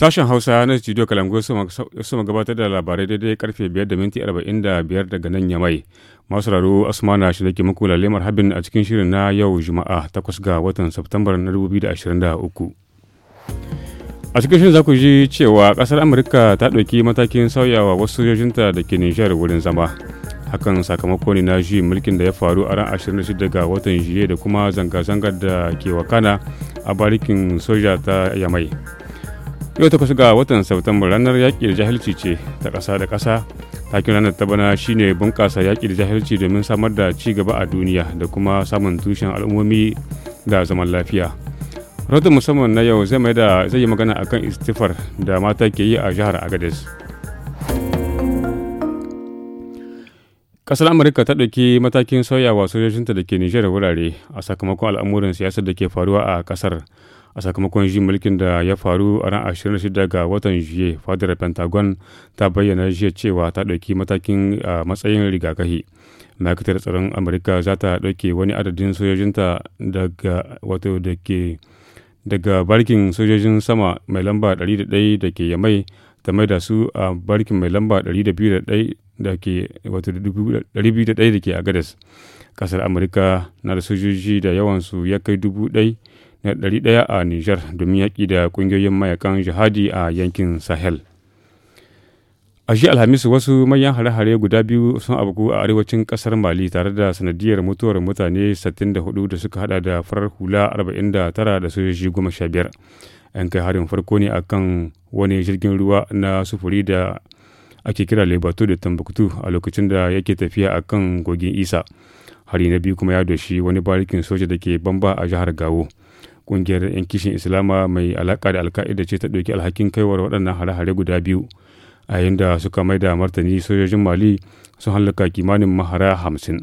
Sashen Hausa na Studio Kalango suma gabatar da labarai daidai karfe 5 da minti 45 daga nan ya mai Masu raro Asmana shi ke muku lalemar habin a cikin shirin na yau Juma'a takwas ga watan Satumbar na 2023. A cikin shirin za ku ji cewa ƙasar Amurka ta ɗauki matakin sauyawa wasu sojojinta da ke Nijar wurin zama. hakan sakamako ne na ji mulkin da ya faru a ran 26 ga watan juye da kuma zanga-zangar da ke wakana a barikin soja ta yamai. yau kusa ga watan Satumba ranar yaƙi da jahilci ce ta ƙasa da ƙasa. Takin ranar ta bana shine bunƙasa yaƙi da jahilci domin samar da ci gaba a duniya da kuma samun tushen al'ummomi da zaman lafiya. Rahoton musamman na yau zai da zai yi magana a kan istifar da mata ke yi a jihar Agadez. Ƙasar Amurka ta ɗauki matakin sauyawa sojojinta da ke Nijar wurare a sakamakon al'amuran siyasar da ke faruwa a ƙasar. a sakamakon shi mulkin da ya faru a ran 26 ga watan juye fadar pentagon ta bayyana jiya cewa ta ɗauki matakin a matsayin rigakafi ma'aikatar tsaron amurka za ta ɗauke wani adadin sojojinta daga wato da ke daga barkin sojojin sama mai lamba 101 da ke yamai ta mai da su a barkin mai lamba 201 da ke a gadas da ke kasar amurka na da sojoji da yawansu ya kai dubu ɗai na 100 a Nijar domin yaƙi da ƙungiyoyin mayakan jihadi a yankin Sahel. A shi Alhamis wasu manyan hare-hare guda biyu sun abu a arewacin ƙasar Mali tare da sanadiyar mutuwar mutane 64 da suka hada da farar hula 49 da sojoji biyar ‘Yan kai harin farko ne akan wani jirgin ruwa na sufuri da ake kira Lebato da Tambuktu a lokacin da yake tafiya akan kan kogin Isa. Hari na biyu kuma ya doshi wani barikin soja da ke bamba a jihar Gawo. Ƙungiyar 'yan kishin Islama mai alaƙa da Alka'ida ce ta ɗauki alhakin kaiwar waɗannan hare-hare guda biyu. A yayin da suka mai da martani sojojin Mali sun hallaka kimanin mahara hamsin.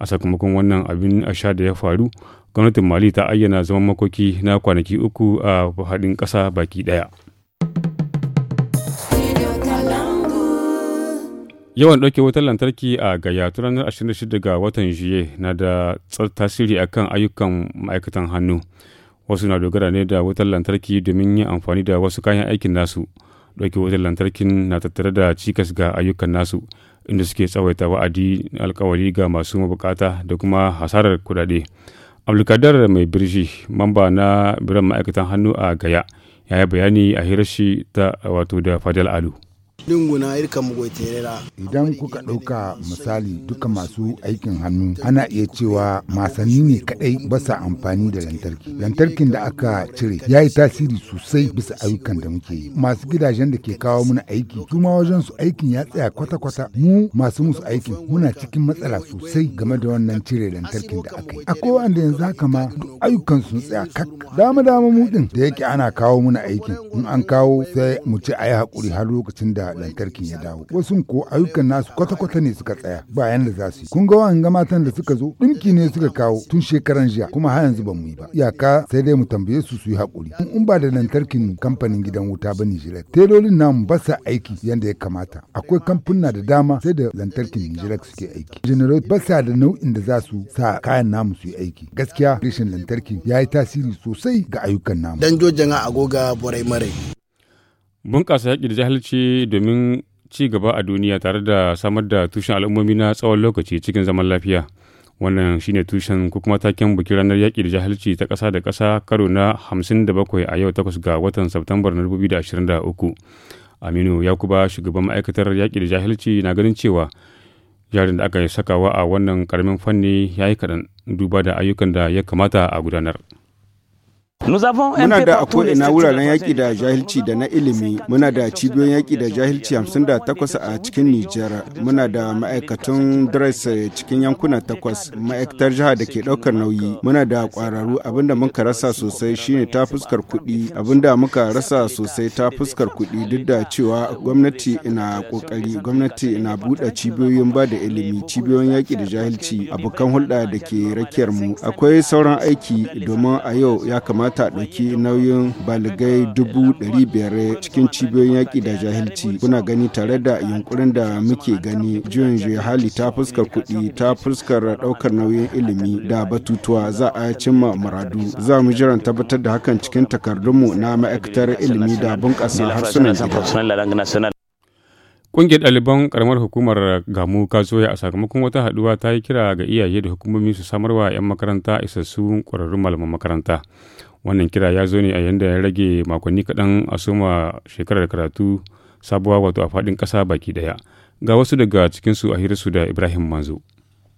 A sakamakon wannan abin a sha da ya faru, gwamnatin Mali ta ayyana zaman makoki na kwanaki uku a haɗin ƙasa baki ɗaya. yawan ɗauke wutar lantarki a gaya ta ranar 26 ga watan juye na da tasiri akan ayyukan ma'aikatan hannu wasu na dogara ne da wutar lantarki domin yin amfani da wasu kayan aikin nasu ɗauke wutar lantarkin na tattare da cikas ga ayyukan nasu inda suke tsawaita wa'adi alkawari ga masu mabukata da kuma hasarar kudade abdulkadar mai birji mamba na biran ma'aikatan hannu a gaya ya yi bayani a hirar shi ta wato da fadal alu Idan kuka ɗauka misali duka masu aikin hannu ana iya cewa masani ne kaɗai basa amfani da lantarki. Lantarkin da aka cire ya yi tasiri sosai bisa ayyukan da muke yi. Masu gidajen da ke kawo mana aiki su ma wajen su aikin ya tsaya kwata-kwata mu masu musu aikin muna cikin matsala sosai game da wannan cire lantarkin da aka yi. Akwai wanda yanzu haka ma duk ayyukan sun tsaya kak. Dama dama mu ɗin da yake ana kawo mana aikin in an kawo sai mu ce a yi haƙuri har lokacin da lantarki lantarkin ya dawo wasu ko ayyukan nasu kwata-kwata ne suka tsaya bayan da za su yi kun ga matan da suka zo ɗinki ne suka kawo tun shekaran jiya kuma har yanzu ba mu yi ba iyaka sai dai mu tambaye su su yi haƙuri in ba da lantarkin kamfanin gidan wuta ba nijirar telolin namu ba sa aiki yadda ya kamata akwai kamfuna da dama sai da lantarkin nijirar suke aiki generator ba sa da nau'in da za su sa kayan namu su yi aiki gaskiya rashin lantarki ya yi tasiri sosai ga ayyukan namu dan jojin agoga borai mare bunƙasa yaƙi da jahilci domin ci gaba a duniya tare da samar da tushen al'ummomi na tsawon lokaci cikin zaman lafiya wannan shine tushen ko kuma taken bikin ranar yaƙi da jahilci ta ƙasa da ƙasa karo na 57 a yau 8 ga watan Satumbar na 2023 Aminu Yakuba shugaban ma'aikatar yaƙi da jahilci na ganin cewa jarin da aka sakawa a wannan karamin fanni ya yi kaɗan duba da ayyukan da ya kamata a gudanar. Muna da akwai ina wuraren yaƙi da jahilci da na ilimi, muna da cibiyoyin yaƙi da jahilci 58 a cikin Nijar, muna da ma'aikatun DRES cikin yankuna takwas, ma'aikatar jiha da ke ɗaukar nauyi, muna da ƙwararru abinda muka rasa sosai shine ta fuskar kuɗi, abinda muka rasa sosai ta fuskar kuɗi duk da cewa gwamnati ina ƙoƙari, gwamnati na buɗe cibiyoyin ba da ilimi, cibiyoyin yaƙi da jahilci, abokan hulɗa da ke rakiyar mu. Akwai sauran aiki domin a yau ya kamata kamata a ɗauki nauyin baligai dubu ɗari biyar cikin cibiyoyin yaƙi da jahilci kuna gani tare da yunkurin da muke gani juyin hali ta fuskar kuɗi ta fuskar ɗaukar nauyin ilimi da batutuwa za a cimma muradu za mu jiran tabbatar da hakan cikin takardunmu na ma'aikatar ilimi da bunƙasa harsunan Ƙungiyar ɗaliban ƙaramar hukumar Gamu Kazoya a sakamakon wata haɗuwa ta yi kira ga iyaye da hukumomi su samarwa 'yan makaranta isassun ƙwararrun malaman makaranta. wannan kira ya zo ne a yanda ya rage makonni kaɗan a soma shekarar karatu sabuwa wato a faɗin ƙasa baki ɗaya ga wasu daga cikinsu a hirarsu da ibrahim manzo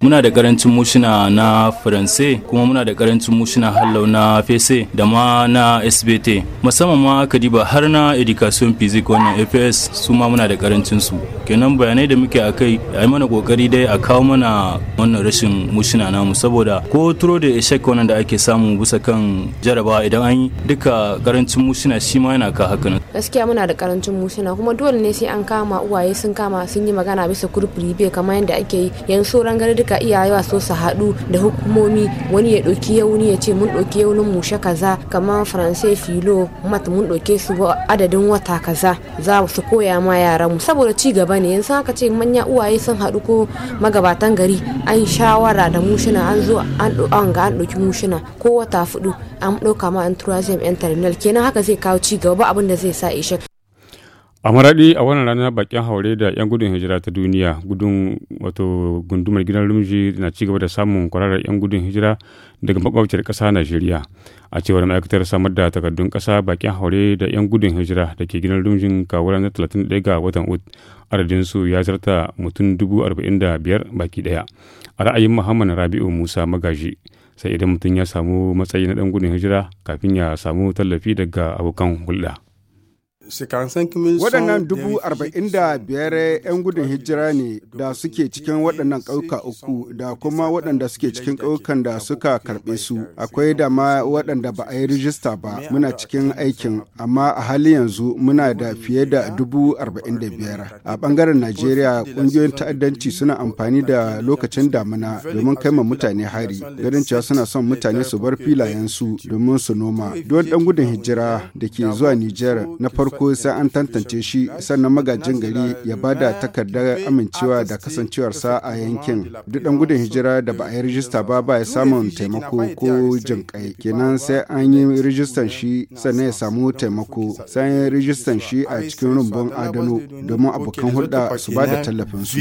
muna da karancin mushina na faranse kuma muna da karancin mushina hallau na fese da ma na sbt musamman ma aka har na education physics wannan fs su ma muna da karancin su kenan bayanai da muke a kai a mana kokari dai a kawo mana wannan rashin mushina namu saboda ko turo da ishek wannan da ake samu bisa kan jaraba idan an yi duka karancin mushina shi ma yana ka haka nan gaskiya muna da karancin mushina kuma dole ne sai an kama uwaye sun kama sun yi magana bisa kurfuri bai kamar yadda ake yi yanzu sauran gari ka iyaye so su haɗu da hukumomi wani ya ɗauki yauni ya ce mun ɗauki yaunin mu sha kaza kamar faranse filo mat mun ɗauke su adadin wata kaza za su koya ma yaran mu saboda ci gaba ne yanzu haka ce manya uwaye sun haɗu ko magabatan gari an shawara da mushina an zo an ga an ɗauki mushina ko wata fudu an ɗauka ma an turazim yan kenan haka zai kawo ci gaba abin da zai sa ishe a maraɗi a wannan ranar bakin haure da 'yan gudun hijira ta duniya gudun wato gundumar gidan rumji na cigaba da samun kwararar 'yan gudun hijira daga makwabciyar ƙasa najeriya a cewar ma'aikatar samar da takardun ƙasa bakin haure da 'yan gudun hijira da ke gidan rumjin kawo ranar 31 ga watan ut adadin su ya zarta mutum dubu arba'in da biyar baki ɗaya a ra'ayin muhammad rabi'u musa magaji sai idan mutum ya samu matsayi na ɗan gudun hijira kafin ya samu tallafi daga abokan hulɗa. waɗannan dubu arba'in da biyar 'yan gudun hijira ne da suke cikin waɗannan ƙauka uku da kuma waɗanda suke cikin ƙaukan da suka karɓe su akwai da ma waɗanda ba a yi rijista ba muna cikin aikin amma a hali yanzu muna da fiye da dubu arba'in da biyar a ɓangaren najeriya ƙungiyoyin ta'addanci suna amfani da lokacin damina domin kai ma mutane hari garin cewa suna son mutane su bar filayensu domin su noma don ɗan gudun hijira da ke zuwa nijar na farko farko sai an tantance shi sannan magajin gari ya ba da takardar amincewa da kasancewarsa a yankin duk dan gudun hijira da ba a yi rijista ba ba ya samun taimako ko kai kenan sai an yi rijistan shi sannan ya samu taimako sai an yi rijistan shi a cikin rumbun adano domin abokan hulɗa su ba da tallafin su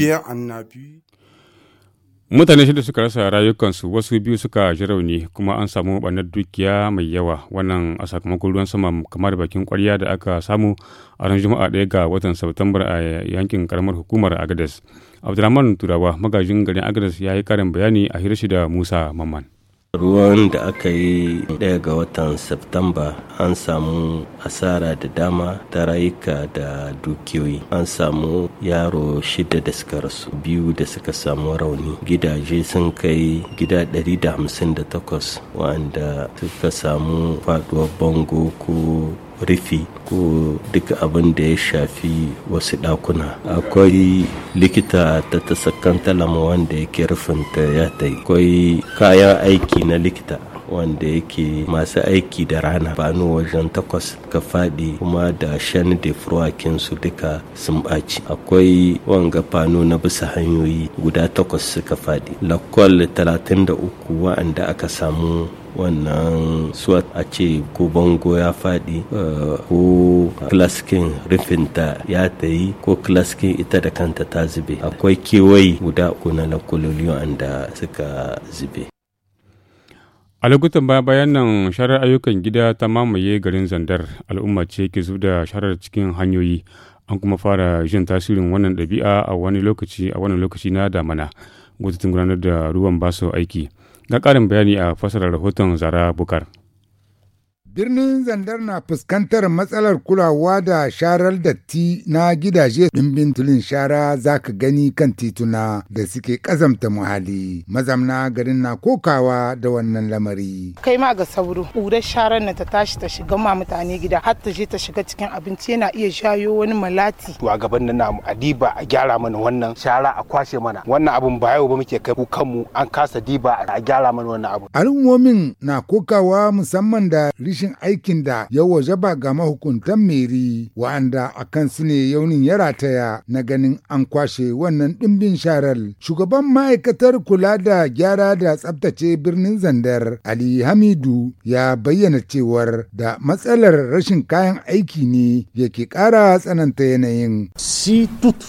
mutane shida suka rasa rayukansu wasu biyu suka ji rauni kuma an samu ɓannar dukiya mai yawa wannan a sakamakon ruwan sama kamar bakin kwarya da aka samu a ran juma'a ɗaya ga watan september a yankin karamar hukumar agadas abdulrahman turawa magajin garin agadas ya yi karin bayani a hirashi da musa mamman ruwan da aka yi daya ga watan septamba an samu asara da dama ta rayuka da dukiyoyi an samu yaro shida da suka rasu biyu da suka samu rauni gidaje sun kai gida 158 wanda suka samu faduwar bango ko rufi ko duk abin da ya shafi wasu dakuna. akwai likita ta tasakanta talama wanda yake ta ya tai akwai kayan aiki na likita wanda yake masu aiki da rana banu wajen takwas ka faɗi kuma da shan da furwakin su duka sun ɓaci akwai wanga fano na bisa hanyoyi guda takwas suka faɗi lakwal 33 wa'anda aka samu wannan swat a ce ko bango ya faɗi eh, ko klaskin rufinta ya ta yi ko klaskin ita da kanta ta zube akwai kewaye guda uku na an da suka zube a lokutan baya bayan nan sharar ayyukan gida ta mamaye garin zandar al'umma ce ke zuba da sharar cikin hanyoyi an kuma fara jin tasirin wannan ɗabi'a a wani lokaci a wannan lokaci na damana gwamnatin gudanar da ruwan basu aiki na ƙarin bayani a fasalar rahoton Zara Bukar. Birnin Zandar na fuskantar matsalar kulawa da sharar datti na gidaje ɗimbin tulin shara za ka gani kan tituna da suke ƙazamta muhalli. Mazamna garin na kokawa da wannan lamari. Kai ma ga sauro, ƙurar sharar na ta tashi ta shiga ma mutane gida har ta je ta shiga cikin abinci yana iya shayo wani malati. To a gaban nan namu a diba a gyara mana wannan shara a kwashe mana. Wannan abun ba yau ba muke kai kanmu an kasa diba a gyara mana wannan abu. Al'ummomin na kokawa musamman da rashin aikin da ya wajaba ga mahukuntan meri wa'anda a kan su ne yaunin ya rataya na ganin an kwashe wannan ɗimbin sharar. Shugaban ma'aikatar kula da gyara da tsabtace birnin Zandar Ali Hamidu ya bayyana cewar da matsalar rashin kayan aiki ne yake ƙara tsananta yanayin.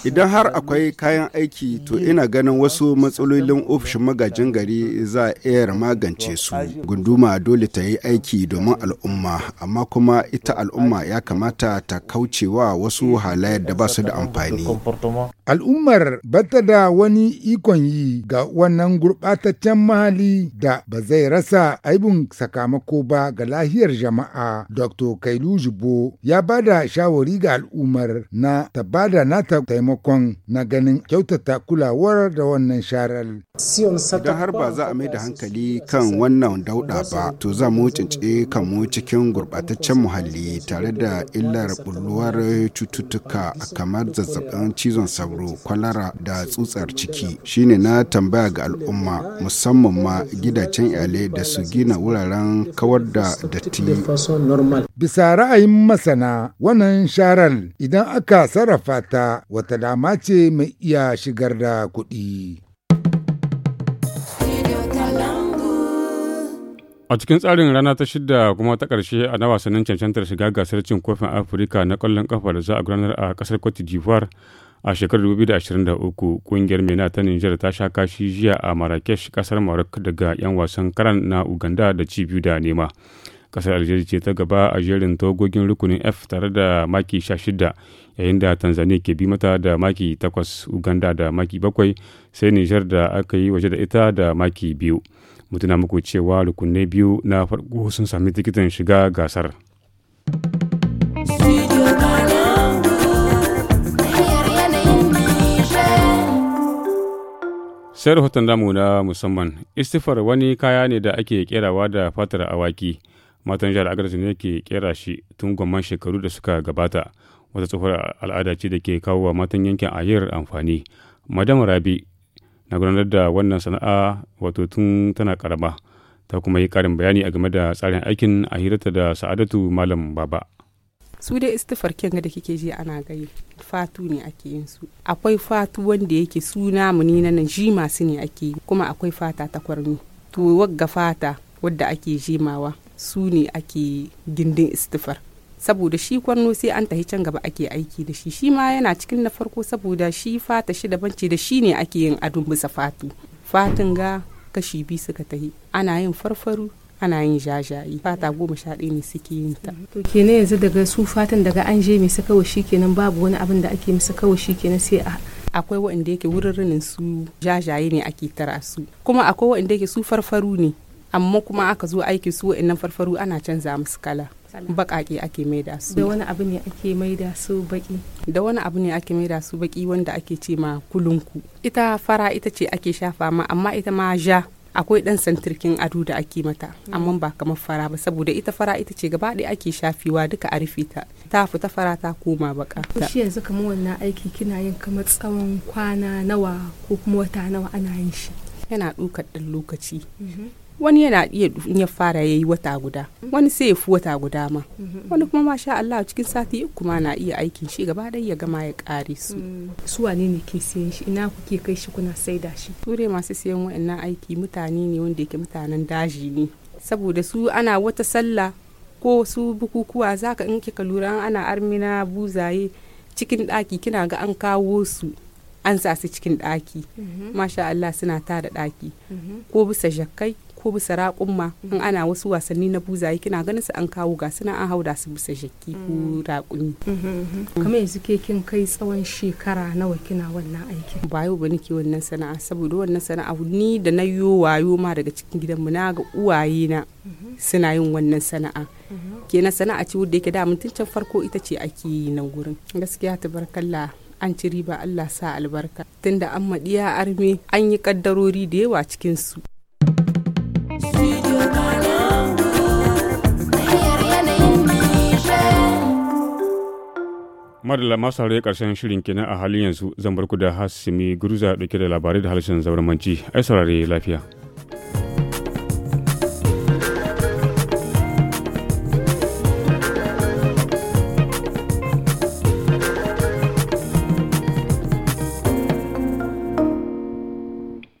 Idan har akwai kayan aiki to ina ganin wasu matsalolin ofishin magajin gari za a iya magance su. Gunduma dole ta yi aiki domin al'umma. al'umma amma kuma ita al'umma ya kamata ta kauce wa wasu halayen da ba su da amfani al'ummar bata da wani ikon yi ga wannan gurɓataccen mahali da ba zai rasa aibun sakamako ba ga lahiyar jama'a dr kailu jibo ya ba da shawari ga al'ummar na ta bada da nata taimakon na ganin kyautata kulawar da wannan sharar idan har ba za a mai da hankali kan wannan dauda ba to za mu cince kanmu cikin gurbataccen muhalli tare da illar bulluwar cututtuka kamar zazzabin cizon sauro kwalara da tsutsar ciki shine na tambaya ga al'umma musamman ma gidajen iyalai da su gina wuraren kawar da datti bisa ra'ayin masana wannan sharar idan aka sarrafa ta wata dama ce mai iya shigar da kuɗi A cikin tsarin rana ta shida kuma ta ƙarshe a na wasannin cancantar shiga gasar cin kofin Afirka na ƙwallon ƙafa da za a gudanar a ƙasar Cote d'Ivoire a shekarar 2023 ƙungiyar MENA ta Nijar ta sha kashi jiya a Marrakesh ƙasar Morocco daga 'yan wasan karan na Uganda da ci biyu da nema. Ƙasar Algeria ce ta gaba a jerin togogin rukunin F tare da maki 16 yayin da Tanzania ke bi mata da maki 8 Uganda da maki 7 sai Nijar da aka yi waje da ita da maki biyu. mutuna muku cewa rukunai biyu na farko sun sami tikitin shiga gasar. sai rahoton damu na musamman istifar wani kaya ne da ake kerawa da fatar awaki matan jihar agarsu ne ke kera shi tun gwamman shekaru da suka gabata wata tsohuwar al'ada ce da ke kawo wa matan yankin ayir amfani madam rabi na gudanar da wannan sana'a wato tun tana karama ta kuma yi karin bayani a game da tsarin aikin a hirarta da sa'adatu malam baba su dai istifar kenga da kike ji ana gai fatu ne ake yin su akwai fatu wanda yake suna mu ne nan ji masu ne ake yi kuma akwai fata ta kwarni to wagga fata wadda ake jimawa su ne ake gindin istifar saboda shi kwanno sai an tahi can gaba ake aiki da shi shi ma yana cikin na farko saboda shi fata shi daban ce da shi ne ake yin adon bisa fatu fatin ga kashi biyu suka tahi ana yin farfaru ana yin jajaye fata goma sha ɗaya ne suke yin ta. to kenan yanzu daga su fatan daga an je mai sakawa shi kenan babu wani abin da ake masa kawai shi kenan sai a akwai waɗanda yake wurin su jajaye ne ake tara su kuma akwai waɗanda yake su farfaru ne amma kuma aka zo aiki su waɗannan farfaru ana canza musu kala baƙaƙe ake maida su da wani abu ne ake maida su baƙi da wani abu ne ake maida su baƙi wanda ake ce ma kulunku ita fara ita ce ake shafa ma amma ita ma ja akwai ɗan santirkin ado da ake mata amma ba kamar fara ba saboda ita fara ita ce gaba ɗaya ake shafewa duka a rufe ta ta fita fara ta koma baka shi yanzu kamar wannan aiki kina yin kamar tsawon kwana nawa ko kuma wata nawa ana yin shi yana ɗaukar ɗan lokaci mhm. wani yana iya ya fara yayi wata guda wani sai ya fi wata guda ma wani kuma masha Allah cikin sati kuma na iya aikin shi gaba dai ya gama ya kare su mm. su wane ne ke siyan shi ina kuke kai shi kuna saida shi ture masu siyan wa'annan aiki mutane ne wanda yake mutanen daji ne saboda su ana wata sallah ko su bukukuwa zaka in kika lura ana armina buzaye cikin ɗaki kina ga an kawo su an sa su cikin ɗaki mm-hmm. masha Allah suna tara ɗaki mm-hmm. ko bisa jakkai ko bisa raƙumma in ana wasu wasanni na buzaye kina ganin su an kawo ga suna an hauda su bisa shakki ko mm. raƙumi. Mm-hmm. kamar yanzu ke kin kai tsawon shekara nawa kina wannan aikin. ba yau ba nake wannan sana'a saboda wannan sana'a ni da na yo wayo ma daga cikin gidanmu na ga uwaye na mm-hmm. suna yin wannan sana'a. Mm-hmm. kenan sana'a ce wadda yake da mutuncin farko ita ce ake yi nan gurin gaskiya tabarkalla an ci riba Allah sa albarka tunda an maɗiya arme an yi ƙaddarori da yawa cikinsu madalla masu haure karshen shirin kenan a halin yanzu zan bar ku da hasimi guruza dauke da labarai da harshen zauramanci ai saurare lafiya